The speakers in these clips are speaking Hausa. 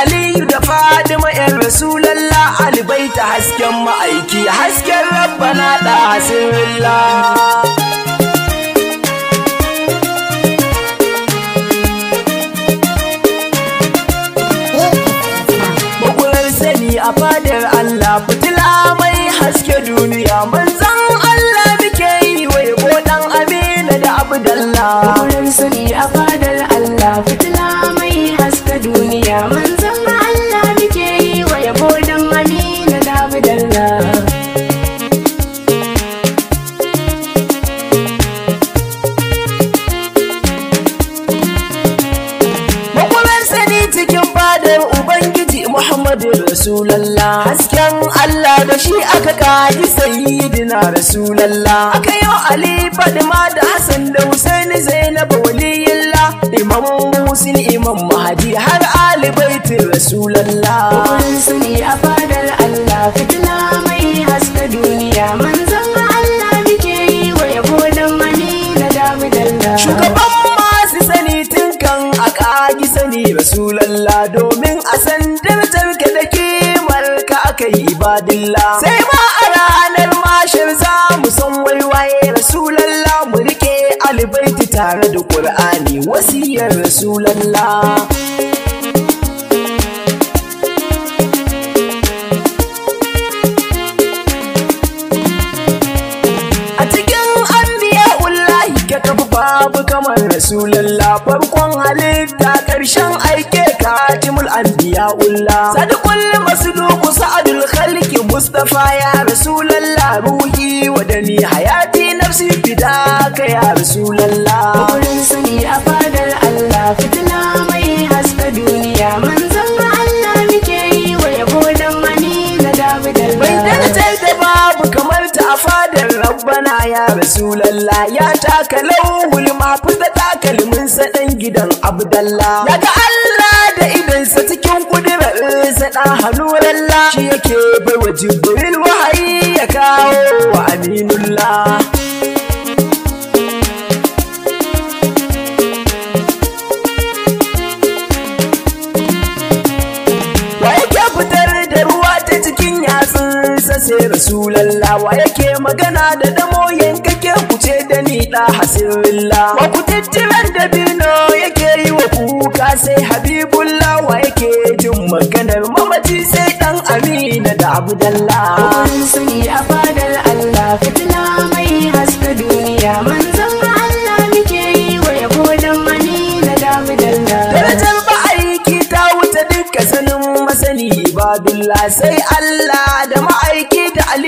aliyu da fadima yan rasulallah alibai ta hasken ma'aiki hasken rabbana da hasirilla a fadar Allah fitila mai haske duniya manzan Allah muke yi wai ko dan Amina da Abdallah. Muhammadu Rasulallah hasken Allah da shi aka kaji sayyidina Rasulallah aka yau Ali Fadima da Hassan da Husaini Zainab waliyillah Imam Musin Imam Mahdi har Ali baitin Rasulallah sun yi a fadar Allah fitin aka yi sai ma a ranar mashir za mu san waiwaye rasulallah mu rike alibaiti tare da qur'ani wasiyar rasulallah babu rasulallah farkon halitta ƙarshen aike ka jimul anbiya'ullah ulla sadiqul masduq Mustapha ya Rasulallah ruhi wa dami hayati nafsi fida ka ya Rasulallah. Wurin sani a fadar Allah fitina mai haska duniya manzon Allah muke yi wa yabo dan mani na Dawudal. Bai da ta babu kamar ta a fadar Rabbana ya Rasulallah ya taka lauhul fita takalmin sa dan gidan Abdallah. Daga Allah da sa cikin kudi izada halulalla shi yake baiwa jibril wahayi ya kawo sai rasulallah wa yake magana da damo ke kuce da ni da hasirilla wa ku tattiran da bino yake yi wa kuka sai habibullah wa yake jin maganar mamaci sai dan amina da abdallah kun sani a fadar allah fitila mai haska duniya manzon allah muke yi wa yabo dan amina da abdallah darajar ba aiki ta wuce duka sanin masani babullah sai allah da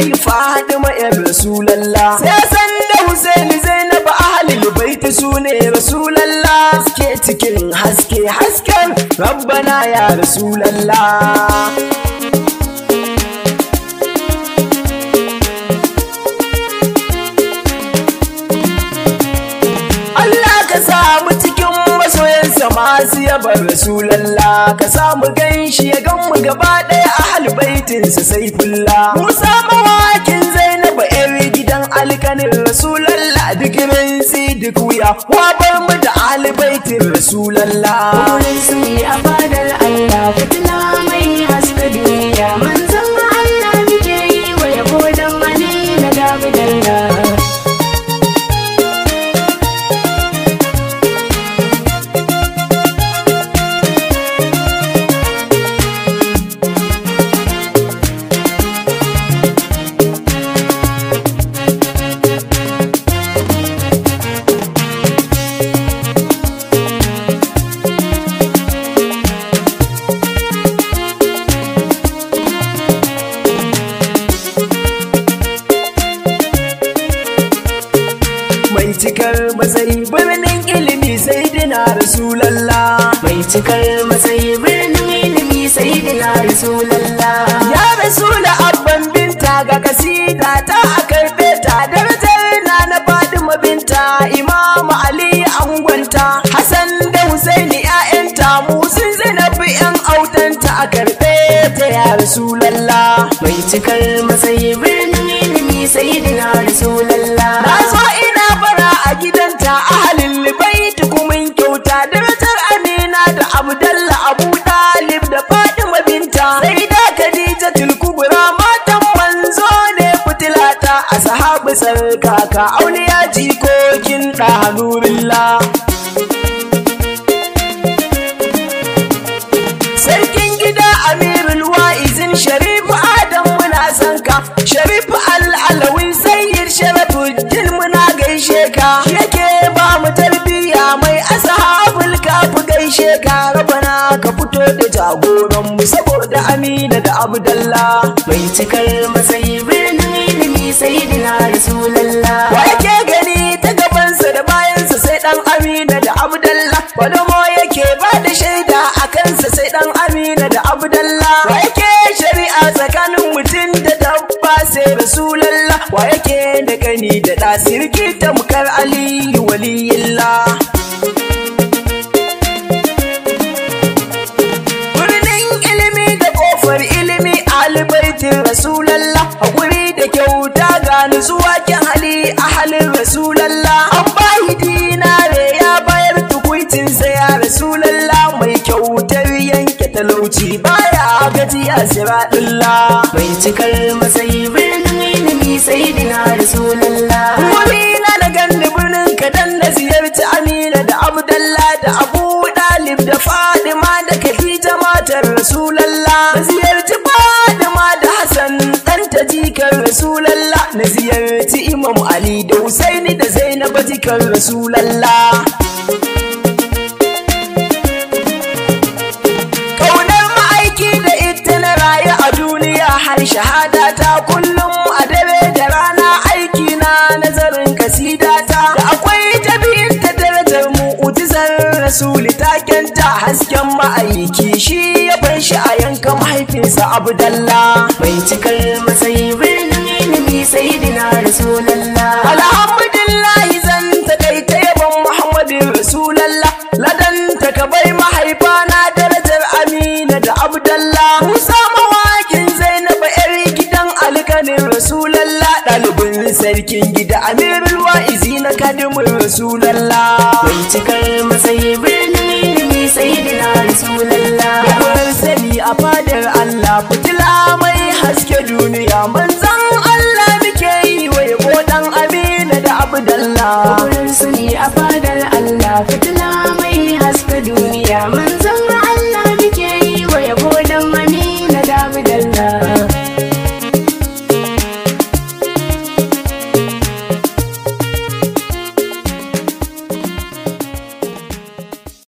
Ali Fatima ya rasulallah sai san da Husaini Zainab ahlul bait sune rasulallah suke cikin haske hasken Rabbana ya Rasulalla ya bar rasulalla ka gan shi ya gan mu gaba ɗaya a baitin sa sai fulla musa mawakin zainabu ewe gidan alkanin rasulalla duk rinsi duk wuya wa bar mu da ahal baitin rasulalla wurin su a fadar allah fitina mai haska duniya manzon allah muke yi wa yabo dan ali na dabidan da mai cikar matsayi birnin ilimi sai dina lalla. mai cikar matsayi birnin ilimi sai dina lalla. ya rasula abban binta ga kasida ta a karfe ta darajar na na fadima binta imamu ali angwanta hasan da husaini ya'yanta musin zainabu yan autanta a karfe ta ya lalla. mai cikar matsayi birnin ilimi sai dina lalla. fi ya auliya kokin ɗahanurilla sarkin gida amirul wa'izin sharifu adam muna sanka sharifu al'alawi sayyid sharafuddin muna gaishe ka yake ba mu tarbiyya mai ashabul kafu gaishe ka da jagoran mu saboda Amina da Abdallah mai cikar matsayi birnin ilimi sayyidina Rasulullah wa yake gani ta gabansa da bayansa sai dan Amina da Abdallah wani yake ba da shaida a kansa sai dan Amina da Abdallah wa yake shari'a tsakanin mutum da dabba sai Rasulullah wa yake da gani da ta tamkar Aliyu wali Rasulalla mai kyautar yanke talauci baya gajiya siradullah mai cikar matsayi birnin ilimi sai dina rasulallah wani na da gandu birnin kadan na ziyarci amina da abdallah da abu dalib da fadima da khadija matar rasulalla. na ziyarci fadima da hassan ɗanta jikar rasulalla na ziyarci imam ali da husaini da zainab jikan rasulallah yi shahada ta kullum a dare da rana aiki na nazarin kasida ta da akwai tabiyar ta darajar mu'ujizar rasuli ta kenta hasken ma'aiki shi ya bar shi a yankan mahaifinsa abdalla mai cikar matsayi birnin ilimi dina rasulallah alhamdulillahi zan ta kai ta yabon muhammadin rasulallah ladan ta kabai rasulallah